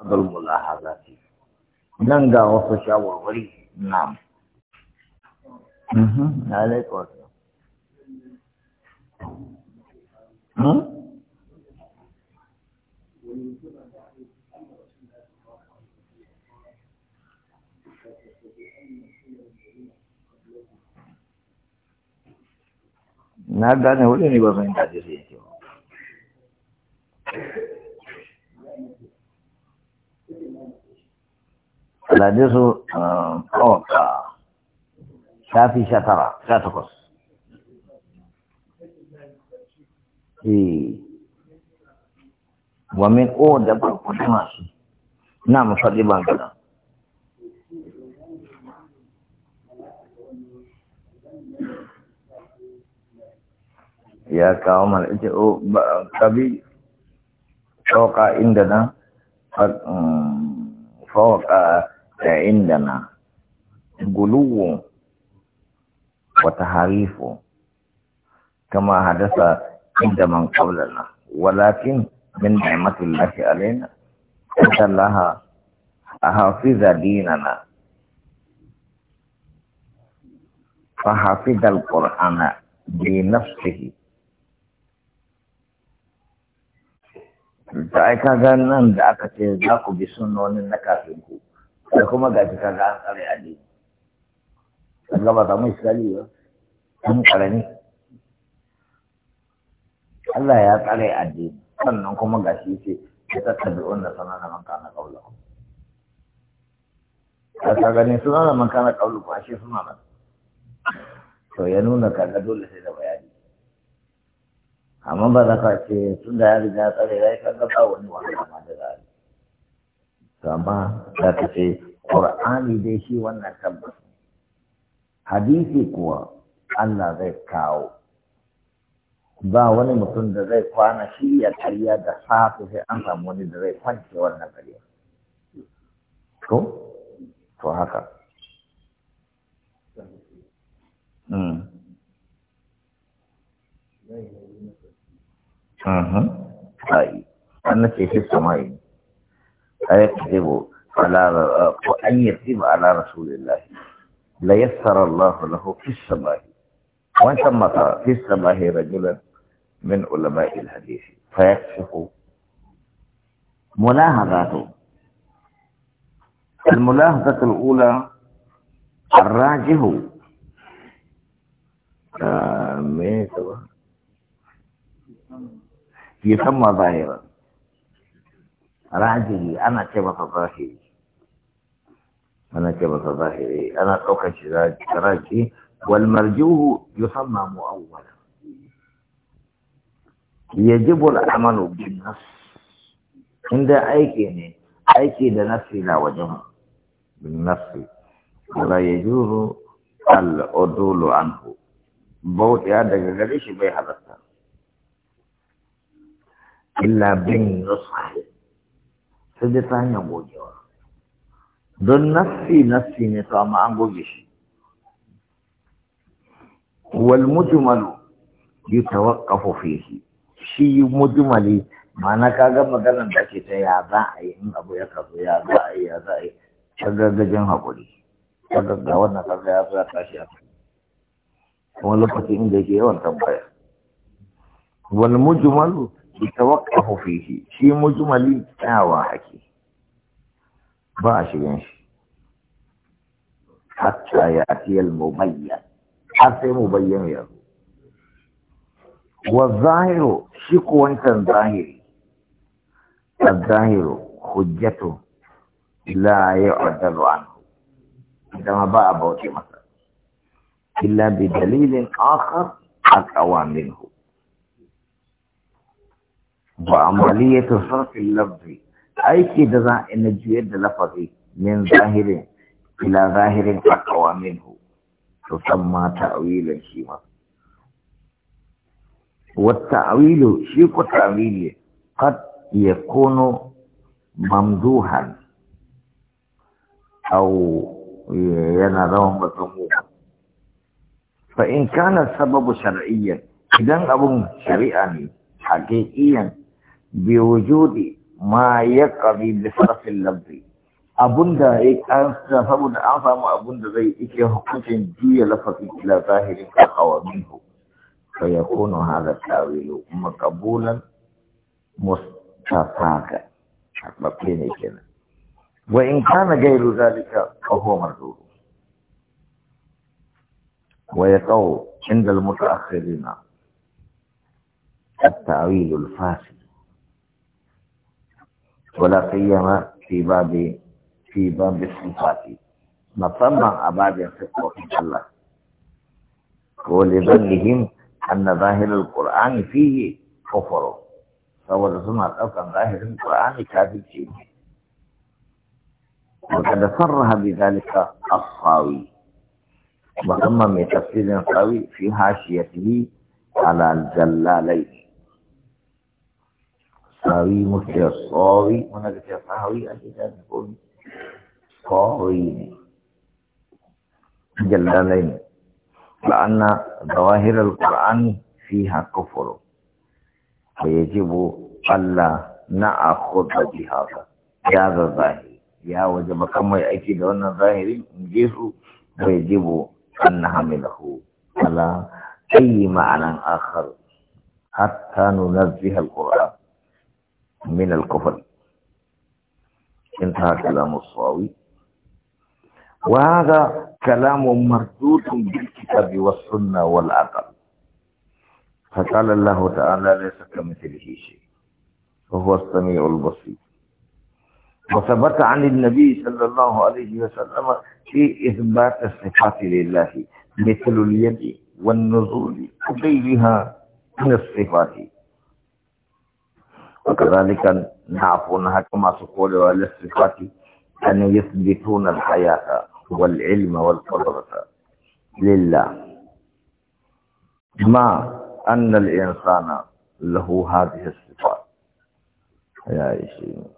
abar mulahaza ce ga wasu shawarwari mm-hmm. na mu hmm? na laifin wani ne ba zan yi alhadisu ah, kawaka shafi sha sha takwas eh. wa min o da barkwata masu ya kawo mana ita o oh, kabi kawaka inda nan ah, mm, fawaka fa'indana guluwu wata harifu kama hadasa inda man qablana walakin min ni'matil lahi alaina inna laha ahafiza dinana fa hafidal qur'ana bi nafsihi da aka ga nan da aka ce za ku bi sunonin na kafin ku da kuma ga shi kaga an tsare addini an gaba samu iskali ba an karami Allah ya tsare addini sannan kuma ga shi ce ya tattabi wanda sanar da manka na kaula a gani suna da manka na kaula ko shi suna nan to ya nuna kaga dole sai da bayani amma ba za ka ce tun da ya riga tsare ya yi kaga ba wani wani amma da za a yi to amma za ta ce ƙur'ani dai shi wannan tabbas hadisi kuwa Allah zai kawo ba wani mutum da zai kwana shirya karya da safe sai an samu wani da zai kwance wannan karya to to haka Mm. Mhm. Ai, an nace shi samayi. فيكذب على أن يكذب على رسول الله ليسر الله له في السماء وانتمت في السماء رجلا من علماء الحديث فيكشف ملاحظاته الملاحظة الأولى الراجح آه، يسمى ظاهرا rajiri ana ce masa zahiri ana ce masa zahiri ana ɗaukar shi rajiri wal marjuhu yusamma mu'awwala yajibu al'amalu bin nas inda aiki ne aiki da nafsi na wajen bin nafsi wala yajuzu al'udulu anhu bauta daga gare shi bai halatta illa bin nusahi sai dai ta hanyar gogewa don nassi nassi ne to amma an goge shi wal mujmalu yatawaqqafu fihi shi mujmali ma'ana kaga maganar da ke ta ya za a yi in abu ya kaso ya za a yi ya za a yi ta gaggajen haƙuri ta gaggawa wannan kaga ya za ya tashi a kuma lokacin inda yake yawan tambaya wal mujmalu yatawaqqafu fihi shi mujmali tsawa hake ba a shigan shi hatta ya atiyal mubayyan har sai mubayyan ya zo wa zahiru shi ko wancan zahiri الظاهر hujjatu la yu'dalu anhu idan ba a bauti masa illa bi dalilin akhar aqwa وعملية الصرف اللفظي أي كده إن الجيد لفظي من ظاهر إلى ظاهر أقوى منه تسمى تأويل شيما والتأويل شيك التأويل قد يكون ممدوحا أو ينظر مذموما فإن كان السبب شرعيا إذا أبو شريعا حقيقيا بوجود ما يقضي بصرف اللفظ أبند ایک ارس کا اعظم أبند غی ایک حقوق دی لفظ الى ظاہر اقوى منه فيكون هذا التاويل مقبولا مستفاقا وان كان غير ذلك فهو مردود ويقو عند المتاخرين التاويل الفاسد ولا سيما في باب في باب الصفات مصمم أباد صفات الله ولظنهم أن ظاهر القرآن فيه كفر فولا سنة أن ظاهر القرآن كافي فيه وقد صرح بذلك الصاوي وأما من تفسير الصاوي في حاشيته على الجلالين النبي مشتي الصاوي وانا قلت يا صاوي قلت يا صاوي صاوي جلالين لأن ظواهر القرآن فيها كفر فيجب ألا نأخذ بهذا هذا الظاهر يا وجب كما يأتي أن ظاهر مجيس ويجب أن نحمله على أي معنى آخر حتى ننزه القرآن من الكفر انتهى كلام الصاوي وهذا كلام مردود بالكتاب والسنة والعقل فقال الله تعالى ليس كمثله شيء وهو السميع البصير وثبت عن النبي صلى الله عليه وسلم في إثبات الصفات لله مثل اليد والنزول وغيرها من الصفات وكذلك نعفون هكما على الصفات أن يثبتون الحياة والعلم والقدرة لله ما أن الإنسان له هذه الصفات يا إشي